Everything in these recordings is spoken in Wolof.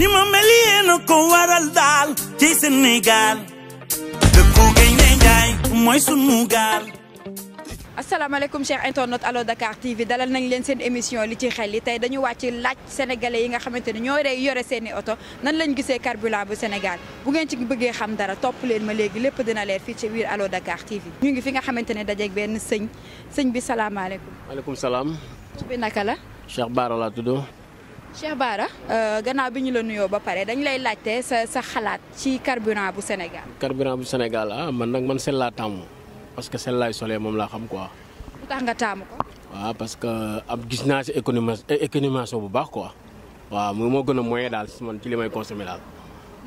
ni ma mel yéen ko waral daal ci Sénégal dëkku Gaynde Njaay mooy sunu gaal asalaamaaleykum chers internautes Allo Dakar TV dalal nañ leen seen émission li ci xel yi tey dañu wàcc laaj sénégalais yi nga xamante ne ñoo rey yore seeni oto nan lañ gisee carburant bu Sénégal bu ngeen ci bëggee xam dara topp leen ma léegi lépp dina leer fii ci biir Allo Dakar TV. ñu ngi fi nga xamante ne dajeeg benn sëñ sëñ bi salaamaaleykum. maaleykum salaam. tur naka la. Cheikh Baara Cheikh Bara euh, gannaaw bi ñu la nuyoo ba pare dañu lay laajte sa sa xalaat ci carburant bu Sénégal. carburant bu Sénégal ah man nag man seen laa taamu parce que seen laay solee moom laa xam quoi. lu tax nga taamu ko. waaw parce que ab gis naa si économisation bu baax quoi waaw moom moo gën a moyen daal si man ci li may consommer daal.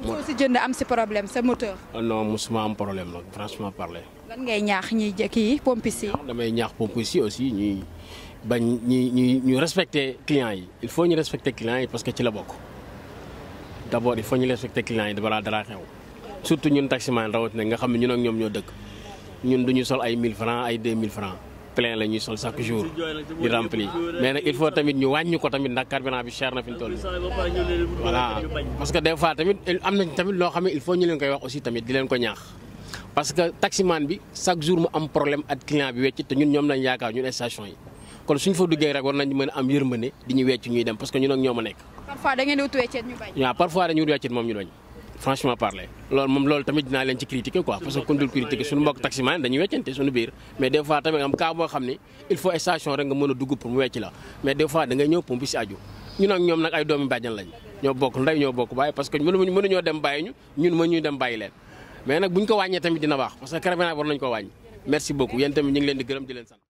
moo si jënd am ci problème sa moteur. Ah non mosuma am problème nag franchement parler. lan ngay ñaax ñi ñiy kii pompiste yi. damay ñaax pompiste yi aussi ñi bañ ñuy ñu respecter client yi il faut ñu respecter client yi parce que ci la bokk d'abord il faut ñu respecter client yi dara dara xew surtout ñun taximan rawatina nga xamni ñun ak ñom ñoo dëkk ñun duñu sol ay 1000 francs ay 2000 francs plein la ñuy sol chaque jour di rempli mais nag il faut tamit ñu wañu ko tamit nak carburant bi cher na fi tollu voilà parce que des fois tamit am nañ tamit lo xam il faut ñu leen koy wax aussi tamit di leen ko ñaax parce que taximan bi chaque jour mu am problème ak client bi wécc te ñun ñom lañ yaakaar ñun station yi kon suñ fa duggé rek war nañ mën am yërmëne di ñu wécc ñuy dem parce que ñun ak ñoma nek parfois da ngeen di wut weccet ñu bañ. waaw parfois dañuy wut weccet moom ñu bañ franchement parler loolu mom loolu tamit dina len ci critiquer quoi parce que ku ñu dul critiquer suñu mbokk taximan dañuy weccante suñu biir mais des fois tamit am ka bo xamni il faut station rek nga mëna dugg pour mu wecc la mais des fois da ngay ñëw pour mu si aju ñun ak ñom nak ay doomi bañal lañ ñoo bok nday ñoo bok baye parce que mënu mënu mënuñoo dem bàyyi ñu ñun mënuñu dem bayi len mais nak buñ ko wañé tamit dina baax parce que Carabina war nañ ko wañ merci beaucoup yéen tamit ñu ngi len di gërëm di len